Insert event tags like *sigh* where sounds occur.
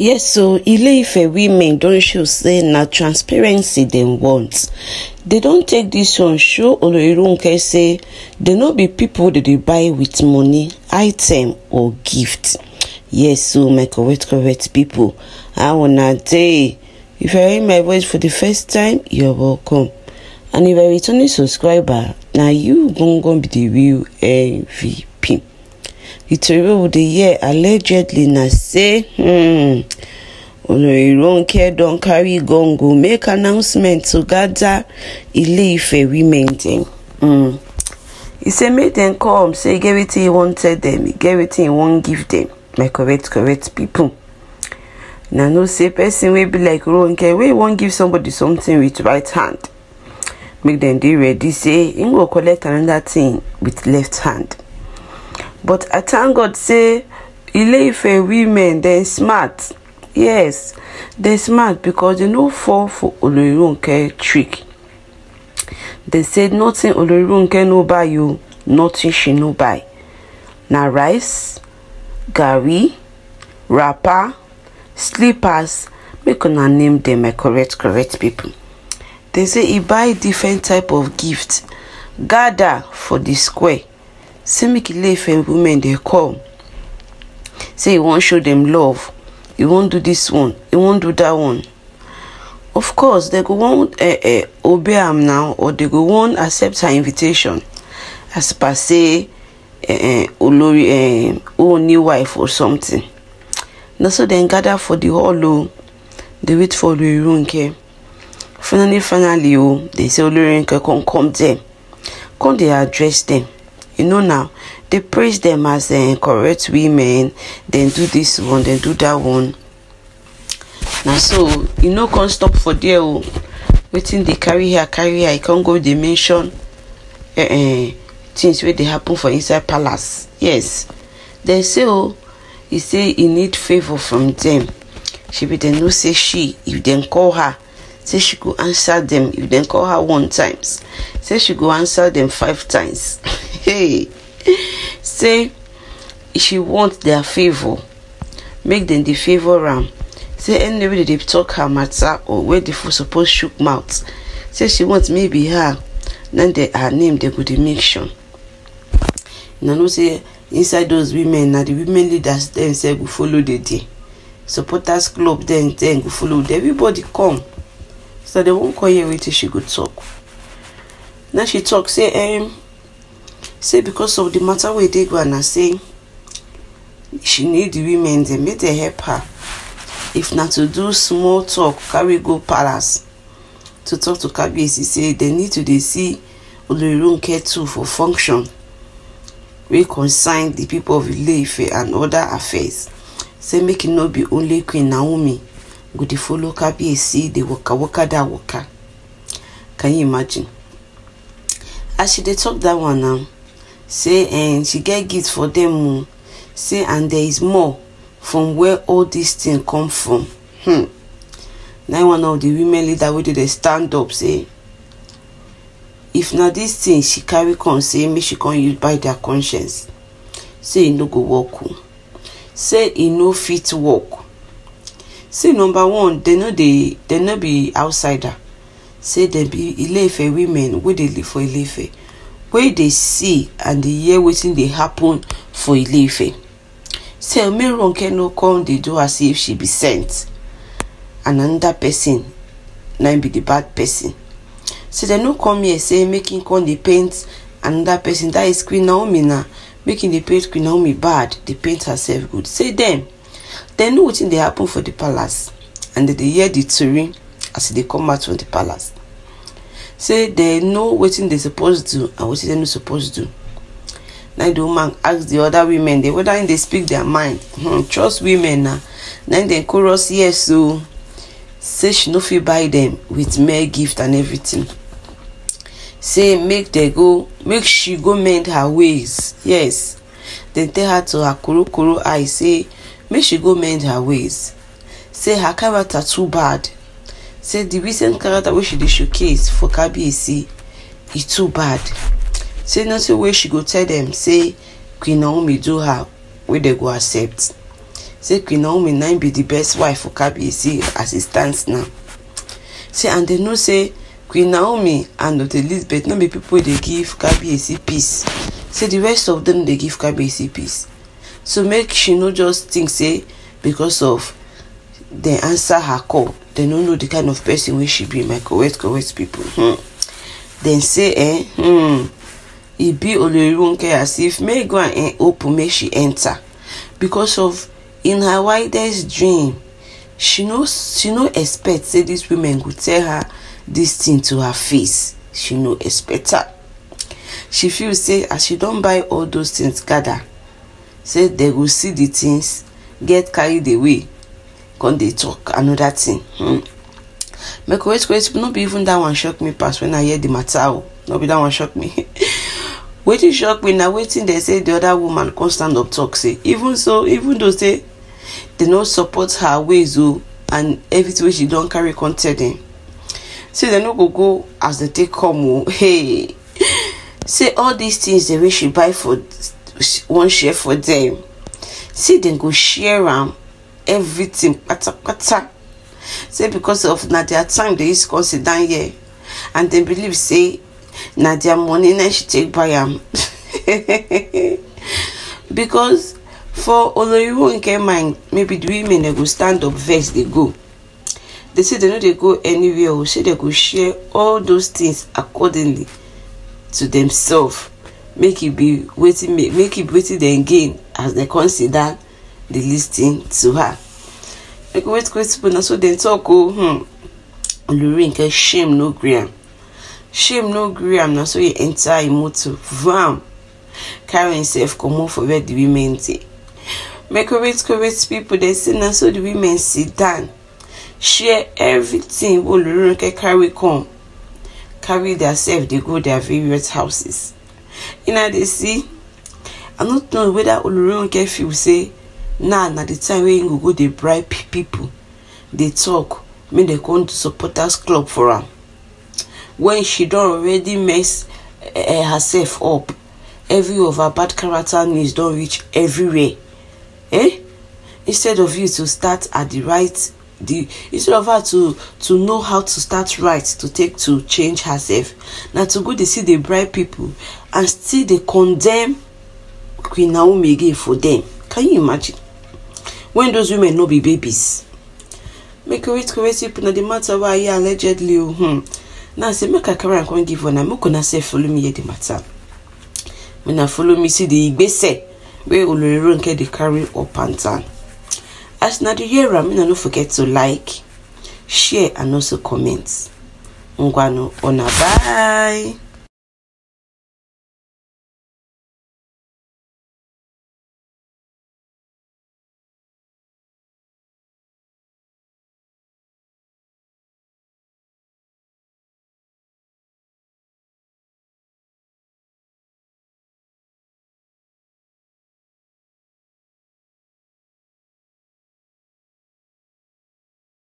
Yes, so Ile-Ife women don't show say na transparency dem want. They don't take this one show Olorirunke say they no be people that they buy with money, item or gift. Yes, so my correct correct people, I wanna say If you hear my voice for the first time, you're welcome. And if you're a returning subscriber, now you gon gon be the real MVP the year allegedly na say um, Olori Ronke don carry gongo make announcement to gather Ile-Ife women dem. Um, e say make dem come say e get wetin e wan tell dem e get wetin e wan give dem my correct correct pipo. na no say person wey be like ronke wey wan give somebody something with right hand make dem dey ready say im go collect another thing with left hand but i thank god say ileife women dem smart yes dem smart because dem no fall for olorunke trick dem say nothing olorunke no buy you nothing she no buy na rice garri wrapper slippers make una name dem my correct correct people dem say e buy different type of gift gather for the square Say Simik Ilefe women dey come say you wan show dem love You wan do this one You wan do that one of course dem go wan uh, uh, obey am now or dem go wan accept her invitation as per say uh, eh, olori uh, only wife or something na so dem gather for the hall o oh. dey wait for olori finally finally o oh, dey say olori come come there come dey address dem you know now they praise them as uh, correct women then do this one then do that one Now, so you e know, can't stop for there Oh, wetin dey carry her carry her e come go dey mention uh, eh, uh, eh, things wey dey happen for inside palace yes dem say o e say e need favour from dem shebi dem know say she if dem call her say she go answer dem if dem call her one times say she go answer dem five times *laughs* hey, say she wants their favour make them the favour am say any way dey talk her matter or wey the fool suppose chook mouth say she want maybe her na her name dem go dey mention una know say inside those women na the women leaders dem sef go follow dey there supporters club dem dem go follow dey everybody come so dem wan come hear wetin she go talk na she talk say um, say because of the matter wey dey go na say she need the women dem make dem help her if na to do small talk carry go palace to talk to kabiyesi say dem need to dey see olorunke too for function wey concern di pipo of ileife and oda affairs say make e no be only queen naomi go dey follow kabiyesi dey waka waka dat waka can you imagine as she dey talk dat one now say um, she get gift for them, o oh. say and there is more from where all dis thing come from hmm. na one of the women leader wey dey stand up say if na dis thing she carry come say make she come use by their conscience say e no go work o oh. say e no fit work say number one dem no dey dem no be outsider say dem be ileife women wey dey live for ileife wey dey see and dey hear wetin dey happen for ileife sef make ronke no come dey do as if she be sent. and another person na be the bad person say dem no come here say make him come dey paint another person that is queen naomi na make him dey paint queen naomi bad dey paint herself good say dem dem know wetin dey happen for the palace and dem dey hear the tori as e dey come out from the palace say they know wetin they suppose do and wetin they no suppose do na the woman ask the other women they whether dem speak their mind hmm, trust women na na dem chorus yes so say she no fit buy them with mere gift and everything say make they go make she go mend her ways yes dem tell her to her korokoro eye say make she go mend her ways say her character too bad Say the recent character wey she dey showcase for kabiyesi e too bad say nothing wey she go tell dem say queen naomi do her wey dem go accept say queen naomi na be the best wife for kabiyesi as e stands now say and dem know say queen naomi and not elizabeth no be pipo dey give kabiyesi peace say the rest of dem dey give kabiyesi peace so make she no just think say because of They answer her call they no know the kind of person wey she be my Kuwait Kuwait people hmm. dem say eh, hmm, e be olorunke as if make go and eh, open make she enter because of in her wildest dream she no she no expect say this woman would tell her this thing to her face she no expect am she feel say as she don't buy all those things gather say they will see the things get carried away come dey talk another thing hmm. make wait wait no be even that one shock me pass when i hear the matter oh, no be that one shock me *laughs* wetin shock me na wetin dem say the other woman come stand up talk say even so even though say dem no support her ways o oh, and everything wey she don carry come tell dem say dem no go go as dem take come o oh. *laughs* hey say all these things dem wey she buy for one share for dem say dem go share am everything patapata say because of na their time they use come sit down here and they believe say na their money na she take buy am *laughs* because for oloyiwonke mind maybe the women dey go stand up vex dey go they say they no dey go anywhere o oh, say they go share all those things accordingly to themselves make e be wetin make e be wetin dem gain as dem consider they listening to her like wait wait people na so dem talk o oh, hmm olorinke shame no gree am shame no gree am na so e enter e motor vam carry himself comot for where the women dey make correct correct people dey say na so the women sit down share everything wey oh, olorinke carry come carry theirself dey go their various houses una dey see i no know whether olorinke feel say now na the time wey him go go dey bribe people dey talk make dem come do supporters club for am when she don already mess uh, herself up every of her bad character news don reach everywhere eh instead of you to start at the right the instead of her to to know how to start right to take to change herself na to go dey see dey bribe people and still dey condemn queen naomi again for them. can you imagine When those women no be babies make correct correct pipo na the matter why i allegedly o oh, hmm. now say make a carry and come give una make gonna say follow me hear di matter una follow me see di igbese wey olori ronke the carry or and as na the year I'm not forget to like share and also comment ngwanu ona bye.